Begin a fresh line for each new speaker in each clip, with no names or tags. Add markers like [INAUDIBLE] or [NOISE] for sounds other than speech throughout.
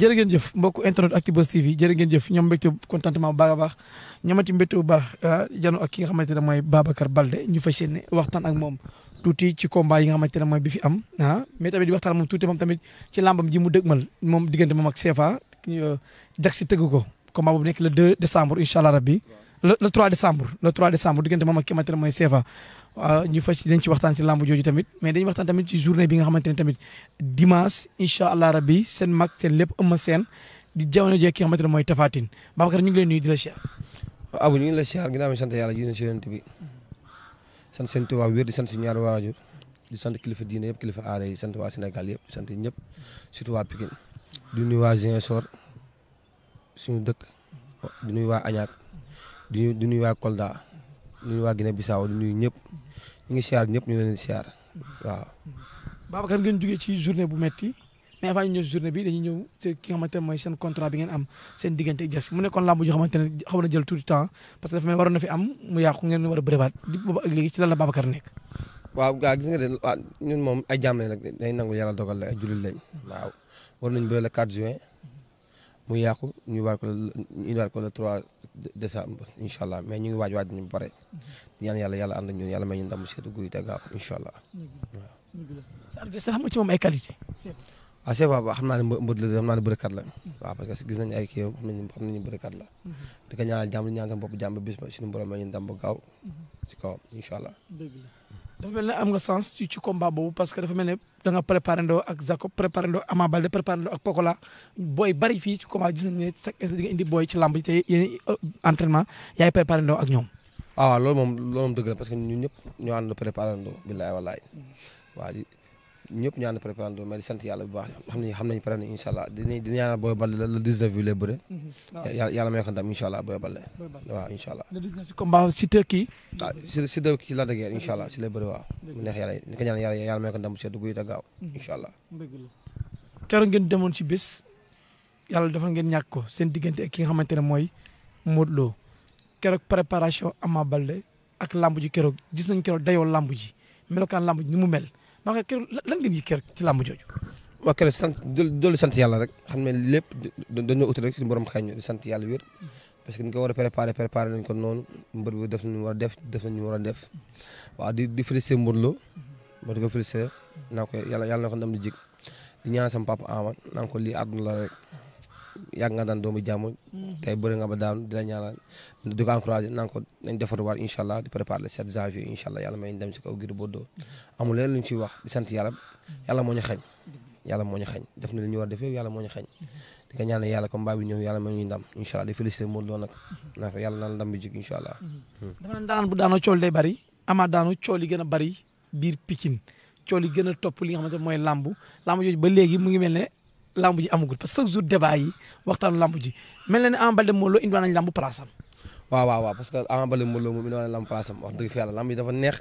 jërë ngeen jëf mbokku internet Actubuzz TV jërë ngeen jëf ñoom mbégte contentement bu baax a baax ñoomati mbégte bu baax ah, jano ak ki nga xamante ne mooy Babacar Balde ñu fas yéene waxtaan ak moom tuuti ci komba yi nga xamante ne mooy bi fi am ah mais tamit di waxtaan moom tuuti moom tamit ci làmbam ji mu dëgmal moom diggante moom ak CFA euh, jag si tëgg ko combat boobu nekk le 2 décembre incha allah rabbi le 3 décembre le 3 décembre diggante moom ak ki nga xamante ne ñu fas dañ ci waxtaan ci làmb jooju tamit mais dañuy waxtaan tamit ci journée bi nga xamante ne tamit dimanche incha allah rabbi seen mag seen lépp ëmma seen di jamono jee ki xamante ne mooy tafaatin Babacar ñu ngi leen nuyu di la siyaar.
abu ñu ngi la siyaar ginnaaw mi sant yàlla ji na si yonent bi sant seen tubaab wér di sant si ñaari waajur di sant kilifa diine yëpp kilifa aada yi sant waa senegal yëpp sant ñëpp surtout waa Pikine di nuyu waa Ziguinchor suñu dëkk di waa Añaak di nuyu waa Guinée Bissau di ñëpp ñu ngi siyaar ñëpp ñu leen di siyaar waaw. Babacar ngeen jógee ci journée bu metti mais avant ñu ñëw journée bi dañuy ñëw
ci ki nga xamante ne mooy seen bi ngeen am seen diggante ak Jax mu nekkoon làmb joo xamante ne xaw na jël tout le temps parce que dafa mel waroon na fi am mu yàqu ngeen war a bëriwaat di booba ak léegi ci lan la Babacar nekk.
waaw gaa gis nga de waaw moom ay jàmm lañ nag day nangu yàlla dogal la ay jullit lañ waaw war nañ bëri le 4 juin mu yàqu ñu war ko ñu war ko le allah mais ñu ngi waaj waaj nañu ba pare ñaan yàlla yàlla ànd ak ñun yàlla may ñu ndam seetu guy te gaaw incha allah
waaw. sa adversaire xam nga ci moom ay qualité. waaw
ah, c'est vrai xam naa ne mbër la xam naa ne bërëkat la waaw parce que gis nañu ay kii xam la di ko ñaanal jàmm ñaan sama bopp jàmm bis ba suñu ma ñu ndam ba gaaw mhm. allah. dafa mel ne am ga sens
ci ci combat boobu parce que dafa mel ne da a préparé ndoo ak Jacob préparé ndoo Ama Baldé préparé ndoo ak Pokola booy bari fii ci combat gis nañ ne chaque instant di nga indi booy ci làmb te yéen euh, entraînement yaay préparé ndoo ak ñoom.
Ah, waaw loolu moom loolu moom la parce que ñun ñëpp ñoo ànd préparé ndoo billaay wallaay mm. ñëpp ñu ànd préparé doon mais di sant yàlla bu baax xam nañu xam nañu si mhm. combat Siteu kii. ah Siteu kii la dëggee incha allah si lay bëre waaw. mu ko mhm. keroog ngeen demoon si bés
yàlla seen diggante ak ki nga xamante ne mooy Modou Lo keroog préparation Ama Baldé ak lamb ji keroog gis nañ keroog dayoo lamb ji melokaan lamb ji
ni mu mel maa ngi keroog lan ngeen yi keroog ci làmb jooju. waa keroog sant dolli sant yàlla rek xam ne lépp dañoo uti rek suñu borom xëy di sant yàlla wér. parce que ni ko war a préparé préparé nañ ko noonu mbër bi def nañu a def def nañu war a def waaw di di félicité Modou Lo ma di ko félicité ko yàlla yàlla na ko ndam di jig di ñaan sama papa Ama naa ko lii àdduna la rek. yàgg nga daan doomu jàmm mm-hmm. tey bëri nga ba daanu di la ñaanal di ko encouragé naan ko nañ defaruwaat incha allah di préparer le 7 janvier incha allah yàlla may ñu dem si kaw Gris Bordeaux mm-hmm. amul leen lu ñu ciy wax di sant yàlla mm-hmm. yàlla moo ñu xañ yàlla moo ndam incha allah di félicité Modou Lo nag naan ko yàlla
cool day bëri ama daanu cool yi gën a bëri biir Pikine cool yi gën a topp li nga xamante mooy làmb làmb jooju ba léegi mu ngi mel ne lamb ji amagul parce que chaque jour débat lamb ji na ne Ama Baldé Modou Lô am.
waaw waaw waaw parce que Ama Baldé Modou Lô moom indiwaa nañ lamb place am wax dëgg fi yàlla lamb ji dafa neex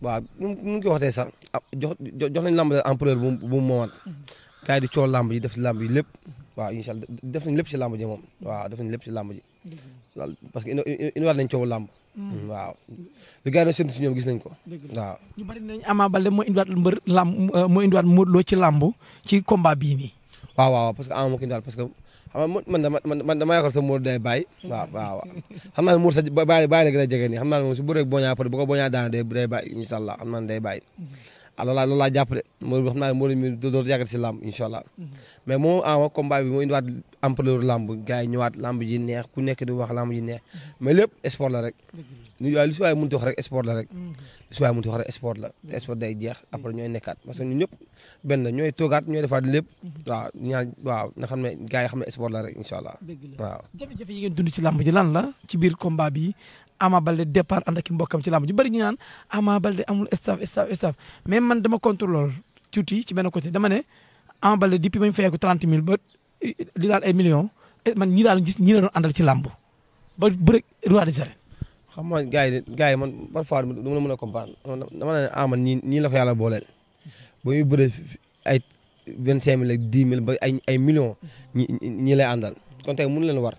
waaw nu mu ko ah, jox nañ lamb empereur bu mu bu mu moomaat gars lamb ji def lamb yi lépp waaw incha allah lépp si lamb ji moom waaw def nañ si lamb ji parce que indiwaat nañ coow lamb. Mm. waaw li gars yi doon gis nañ ko. waaw
ñu bari nañ Ama Baldé moo indiwaat mbër lamb moo indiwaat Modou Lô ci lamb ci combat bii nii. waaw waaw parce
que ama ah, ma ki daal parce que xam nga man dama man dama yaakaar sa la a jege nii xam naa ne moom su bëree Boña peut-être bu daana day day bàyyi incha allah xam naa ne day bàyyi ah loolu laa loolu laa jàpp de Modou xam naa ne Modou mi dootu yàggati si làmb incha allah mais moom ama ah, combat bi moo indiwaat ampleur làmb gars yi ku nekk di wax làmb ji neex mais sport la rek ñu waaye lu si waaye mënut wax rek sport la rek mm-hmm. lu la te mm-hmm. sport day jeex après ñooy mm-hmm. nekkaat parce que ñun ñëpp toogaat ñooy defaat lépp waaw ñaar waaw nga la rek incha allah waaw
jafe-jafe yi ngeen dund ci làmb ji la ci biir combat bi Ama Baldé départ ànd ak mbokkam ci làmb ji bëri ñu naan Ama Baldé amul staff staff dama contrôle tuuti ci benn côté dama ne Ama Baldé depuis ma ñu fayeeku trente mille ba di daal ay millions man ñi daal gis ñi la doon ba bëri roi
xam nga ma mën a comprendre dama ne ah man ñii ñii la ko yàlla booleel ay vingt cinq mille ak dix ay million millions ñi ñi lay àndal kon tey mënu leen war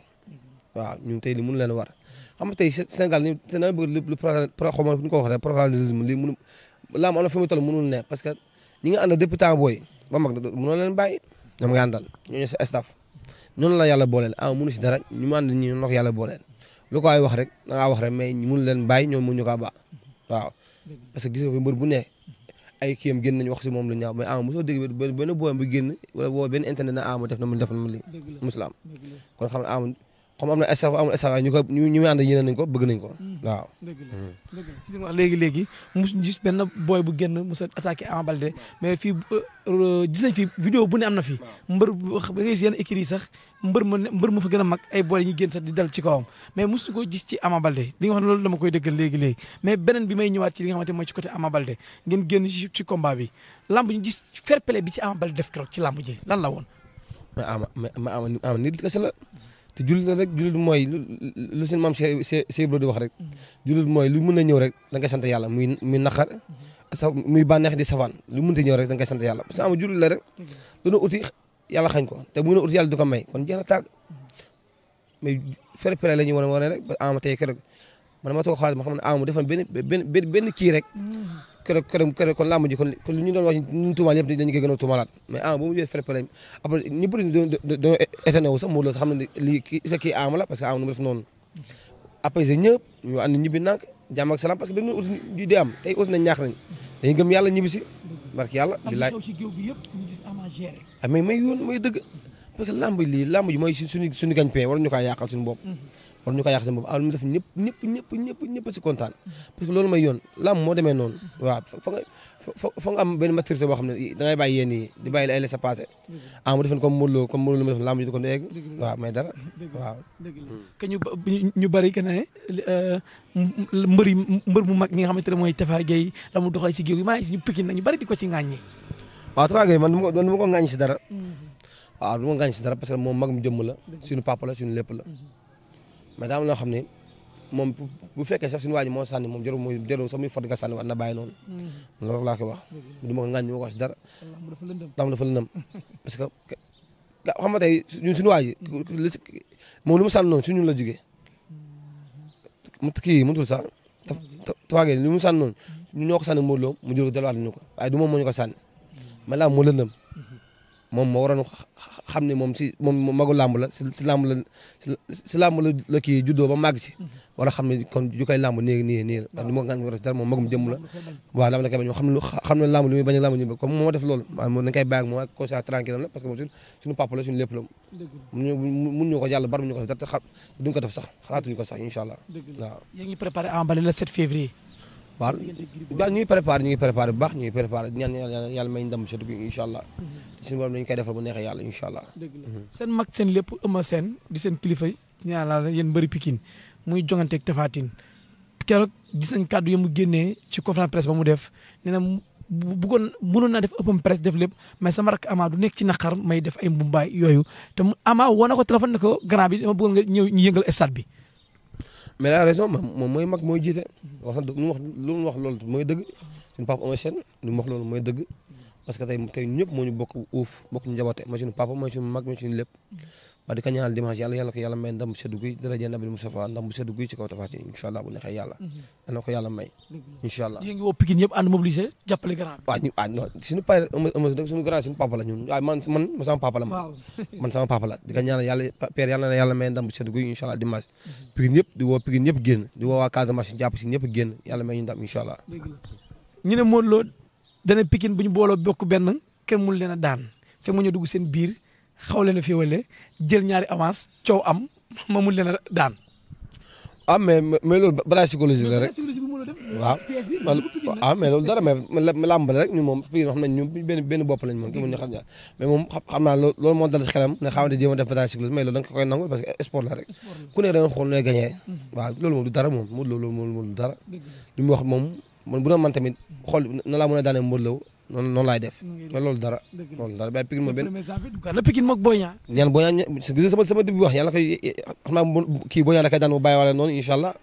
waaw ñun tey li mënu leen war xam nga tey Sénégal ñu te dama bëgg ma nu ko waxee rek professionnalisme lii mënu laa ma am na fi parce que ñi nga àndal depuis temps booy ba mag mënoo leen bàyyi la yàlla booleel ah mënu si dara ñu mu ànd ñi noonu yàlla booleel lu ko ay wax rek da ngaa wax rek mais mun leen bàyyi ñoom mun ñu kaa ba waaw parce que gis nga fi mbër bu ne ay kiyam nañu wax si moom lu ñaaw mais ama mosoo dégg benn booyam bu génn wala boo benn internet na ama def na mu def na mu li musulaam kon xam ama comme am na staff amul staff ñu ko ñu ñu ànd yéene hmm. hmm. bu a
attaqué Ama Baldé mais euh, euh, bu ne am na fi. mbër ba gis yenn écrits yi a mag ay boy yi ñu génn sax ci kawam mais mosu ko gis ci Ama Baldé li koy dëggal léegi léegi mais beneen bi may ñëwaat ci li nga xamante mooy ci côté Ama Baldé ngeen génn ci ci combat bi def keroog ci lamb ji lan la woon.
mais Ama mais Ama nit kese te jullit la rek jullit mooy lu seen maam Cheikh Cheikh Ibra di wax rek jullit mooy lu mën a ñëw rek da nga sant yàlla muy muy naqar sa muy bànneex di safaan lu mënta ñëw rek da nga sant yàlla parce que ama jullit la rek dana uti yàlla xañ ko te bu uti yàlla du ko may kon jeex na may mais fair play la ñu war a war a rek ba ama tey keroog man ma toog xalaat ma xam ne ama defal benn benn benn kii rek mm. keroog keroog keroog kon làmb ji kon kon li ñu doon wax ñu tuumaal yëpp dañu koy gën a tuumaalaat mais ah bu mu jëlee frappé lañ après ñu bëri dañoo étonné wu sax Modou la parce que salaam parce que dañu ut di di am tey ut nañ ñaax nañ dañu gëm yàlla ñibbi si barki yàlla bilaay ah mais may yoon may dëgg parce que làmb lii làmb ji mooy suñu suñu gañ-pain war ñu kaa yàqal war ñu ko yàq seen bopp am lu mu def ñëpp ñëpp ñëpp ñëpp ñëpp si kontaan parce que loolu mooy yoon lamb moo demee noonu waaw fa nga fa nga am benn maturité boo xam ne da ngay bàyyi yéen yi di bàyyi la ay laisser passer ah mu defoon comme Modou Lo comme Modou Lo mu defoon lamb ji di ko dégg waaw mais dara waaw dëgg la que ñu ñu bëri que ne
euh, mbër yi mbër mu mag mi nga xamante ne mooy Tafa Gueye la mu doxalee si géew yi maa ngi ñu
pikin nañu bëri di ko ci ŋàññi waaw Tafa Gueye man man du ma ko ŋàññi si dara mm-hmm. waaw du ma ŋàññi si dara parce que moom mag mu jëmm la suñu papa la suñu lépp la mm-hmm. mais daa am loo xam ne moom bu fekkee sax suñu waa ji moo sànni moom jarul mooy jarul sax muy fot nga sànni war na bàyyi noonu. Mm-hmm. loolu laa koy wax. du ma ko ŋàññi ma ko wax si dara. daam dafa parce que xam nga tey ñun suñu waa ji. Mm-hmm. lu mu sànni noonu si ñun la jugee. Mm-hmm. mu kii mu tudd sax tawaagee li mu sànni noonu ñun ñoo ko sànni Modou Lo mu jël ko delluwaat ñu ko waaye du moo ñu ko sànni mais laa moo lëndëm moom moo waroon xam ne moom si moom magu làmb la si si làmb la si làmb la la kii juddoo ba màgg si war a xam ne kon ju koy làmb nii la a moom magum jëmm la waaw làmb la koy bañ xam ne xam ne làmb li muy bañ a làmb ñu comme moo def loolu moom dañ koy la parce moom suñu suñu papa la suñu lépp la mun ñu ko yàlla bar mu ñu ko def dara ko def sax xalaatuñu ko sax incha allah waaw waaw daal ñuy préparé ñu ngi préparé bu baax ñu ngi préparé ñaan yàlla may ndam surtout incha allah mhm. suñu borom dañu koy defal bu mhm.
seen mag seen lépp ëma seen di seen kilifa yi ñaan la yéen bëri Pikine muy jonganteeg tafaatin keroog gis nañ kàddu yi mu génnee ci conférence presse ba mu def nee na bëggoon mënoon naa def ëppam presse def lépp mais sama rakk Ama du nekk ci naqar may def a ay mbumbaay yooyu te Ama woo na ko téléphone ne ko grand bi dama bëggoon
nga ñëw bi mais la raison moom mooy mag mooy jiite wax na wax lu mooy dëgg suñu papa Eumeu Sène lu mu wax loolu mooy dëgg parce que tey tey ñëpp moo ñu bokk uuf bokk ñu njaboote mooy suñu papa mooy suñu mag mooy suñu lépp waaw di ko ñaanal dimanche yàlla guy daraja nabil Mustafa ndam bu seddu guy ci kaw Tapha Tine incha allah papa la ñun waaw man man ma sama papa la ma [LAUGHS] man sama papa la di ko ñaanal yàlla père yàlla na guy incha allah dimanche mhm. Pikine yëpp di woo Pikine yëpp génn di woo waa Casamance jàpp si ñëpp génn yàlla may ñu ndam incha allah ñu ne Modou Lo dana Pikine bu ñu booloo bokk a daan xaw leen a féewale jël ñaari avance coow am ma mun leen a daan. ah mais mais loolu balaa psychologie la rek waaw ah mais loolu dara mais làmb la rek ñun moom fii xam loolu moo ne xamante jéem a def da nga koy nangu parce que sport la rek ku ne da mhm. dara moom mu loolu moom dara li mu wax moom man bu man tamit xool na laa mën a daanee mbër law noonu noonu laay def. mais loolu dara. loolu dara mais Pikine moom benn. na Pikine moog Boy Niang. ñaan Boy Niang gis daan mu bàyyi wala noonu incha allah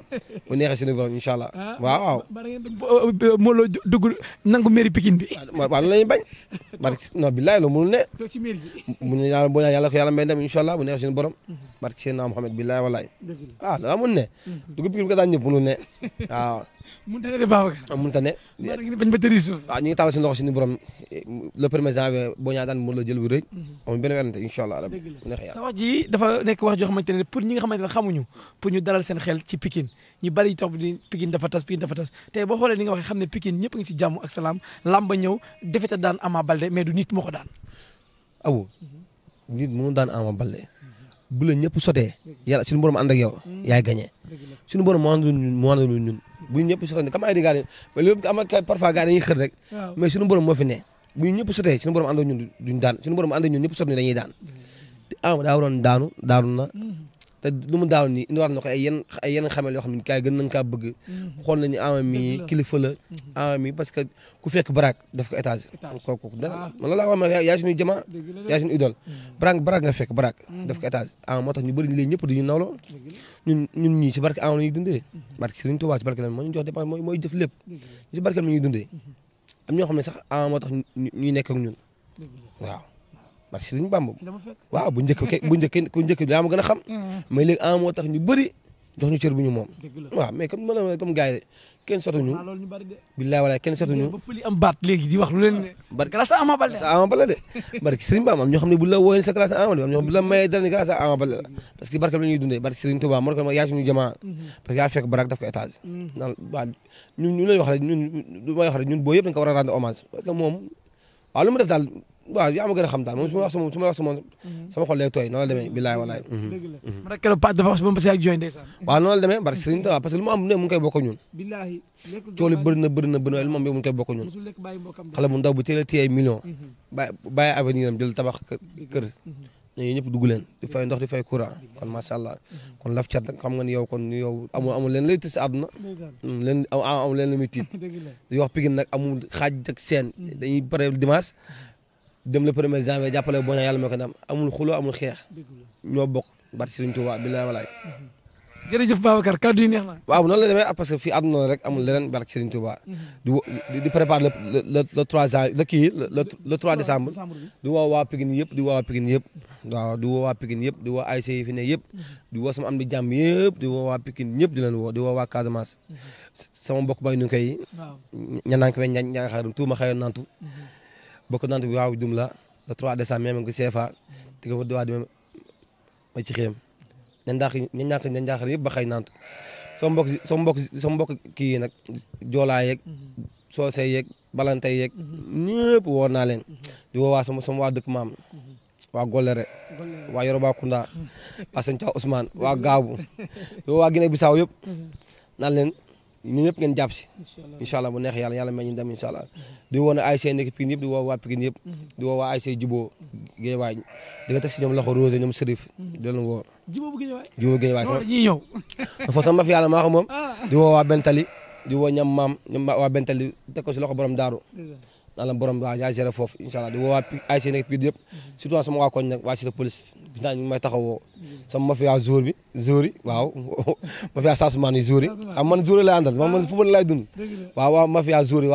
bu [LAUGHS] borom incha allah. Ah, waaw waaw. moo la a nangu mairie Pikine bi. waaw waaw la ñuy bañ. barke non billaay loolu mënul ne. toog ci bi. mu ne yàlla mun ah, ne. ne [LAUGHS] mënut a ne de Babacar. Ah, mënut a ne. bañ ba tëri suuf. waaw ah, ñu ngi taal suñu loxo suñu borom eh, le premier janvier daan mën la jël bu rëy. Mhm. amul benn werante incha allah rabbi. sa wax
ji dafa nekk wax joo xamante
ne pour ñi nga xamante ne xamuñu pour ñu dalal seen xel ci Pikine
ñu bari topp di Pikine dafa tas Pikine dafa tas tey boo xoolee ni nga waxee xam ne Pikine ñëpp a ngi ci jàmm ak salaam lamba ñëw defet a daan Ama Baldé mais du nit moo ko daan.
aw nit moo daan Ama Baldé bu la ñëpp sotee yàlla suñu borom ànd ak yow mhm. yaay gagné suñu borom moo àndul bu ñu ñëpp sotee comme ay di gaa mais lépp am na parfois gars dañuy xër rek. mais suñu borom moo fi ne bu ñu ñëpp daan suñu borom ànd ak ñun ñëpp sot ñu daan. te Ama daa waroon daanu na. Mm-hmm. te lu mu daaw nii indiwaat na ko ay yenn kaa bëgg. Mhm. xool nañu Ama mi kilifa la. Mhm. Ama mi parce que ku fekk Baraak def ko étage. étage kooku dara ah. man la laa ma yaa suñu jamaa. yaa suñu idole. Mhm. Baraak Baraak nga fekk Baraak. def ko étage Ama moo tax ñu bëri léegi ñëpp dañu nawloo. ñun ñun ñii ci barke Ama ñu jox dépense barke Ama moo tax ñuy nekk ñun parce que suñu bamb bu njëkk bu njëkk bu njëkk bi daa ma gën a xam mm-hmm. mais léegi an ah, moo tax bu ñu moom waaw mais comme mën comme gars yi kenn sotuñu ah, billaay walaay kenn sotuñu am baat léegi di wax lu leen barke grâce Bamba am ñoo xam ne ni jamaa mm-hmm. parce que yaa barak daf ko étage mm-hmm. naan waa ñun ñu lay wax rek ñun du may wax rek ñun boo yëpp dañ ko a waaw yaa ma gën a xam daal moom su ma wax sama su ma wax sama mhm. sama xol lay tooy noonu la demee bilaay walaay. dëgg la man mhm. mhm. ak keroog dafa wax si moom parce que ak jooy ndeysaan. waaw noonu la demee barke Sëriñ Tuubaa parce que lu mu am ne mu ngi koy bokk ñun. bilaay coow li bëri na bëri na bëri na lu mu am mu ngi koy bokk ñun. xale bu ndaw bu teel a téye million. bàyyi bàyyi avenir am jël tabax kër. ñooñu ñëpp dugg leen di fay ndox di fay courant kon macha allah kon laf cat xam nga ni yow kon yow amul amul leen lay tës àdduna mm, leen amul leen lu muy tiit [LAUGHS] di wax Pikine nag amul xaaj ak seen dañuy pare dimanche dem le premier janvier jàppale boo ñaa yàlla ma ko ndam amul xuloo amul xeex ñoo bokk barke Sëriñ Tuubaa bi la walaay jërëjëf Babacar kàddu yi neex na waaw noonu la demee parce que fii àdduna la rek amul leneen barke Sëriñ Tuubaa di di préparer le le le trois janvier le kii le le trois décembre di woo waa Pikine yëpp di woo waa Pikine yëpp waaw di woo waa Pikine yëpp di woo ASC yi fi ne yëpp di woo sama am di jàmm yëpp di woo waa Pikine ñëpp di leen woo di woo waa Casamance sama mbokk bay nu koy ñanaan ko ña ña nga xam tuuma xëy nantu bokk naan waaw Jumla le 3 décembre même nga CFA te nga fa diwaat ma ci xéem ña ndax ña ñàkk ña njaaxar yëpp ba xëy naant sama mbokk sama mbokk sama mbokk kii yi nag joolaa yeeg soose yeg balante yeg ñëpp woo naa leen di woo waa sama sama waa dëkk maam waa Golere waa Yoroba Kunda waa Sëñ Thiaw Ousmane waa Gaabu yow waa Guinée Bissau yëpp naan ñu ñëpp ngeen jàpp si incha allah bu neex yàlla yàlla may ñu dem incha allah di woo ne ASC nekk Pikine yëpp di woo waa Pikine yëpp mm-hmm. di woo waa ASC Jubóo Géejawaay di nga teg si ñoom loxo Rose ñoom Serif mm-hmm. di leen woo Jubóo Géejawaay sama ñi sama fi yàlla maa moom ah. di woo Bentali di woo ñam maam ñoom teg ko si loxo borom daaru naan la borom waaw yaa géré foofu incha allah di woo waa ASC nekk Pire yëpp surtout sama waa koñ nag waa cité police gis naa ñu may taxawoo sama mafia jour bi jour yi waaw [LAUGHS] mafia saasumaan yi man ah. football lay dund waaw waa mafia jour yi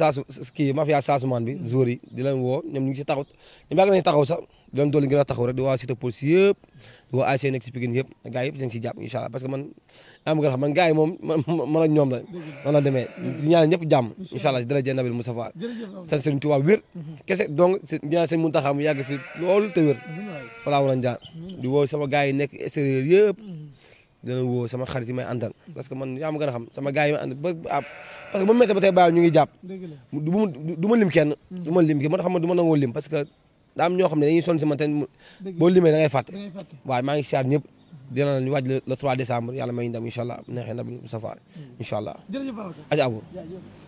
saasu kii mafia saasumaan bi jour yi di la woo ñoom ñu ngi si taxaw ñoom yàgg nañu taxaw sax di leen dolli a taxaw rek di waa Cité Police yëpp di waa ASC nekk si Pikine yëpp gars yëpp dañ si jàpp si daraja Nabil Moustapha a jaar di woo yi nekk extérieur yëpp dinañ woo man yaa ma gën a xam sama gars yi may àndal ba ah, parce ba tey bàyyi ñu ngi jàpp lim kenn mm. du lim kenn moo tax ma du ma lim que daa am ñoo xam ne dañuy sonn si man te boo limee da ngay fàtte waaye maa ngi siyaar la waaj le 3 décembre yàlla may ndam incha allah neexee ndam Moustapha
mm.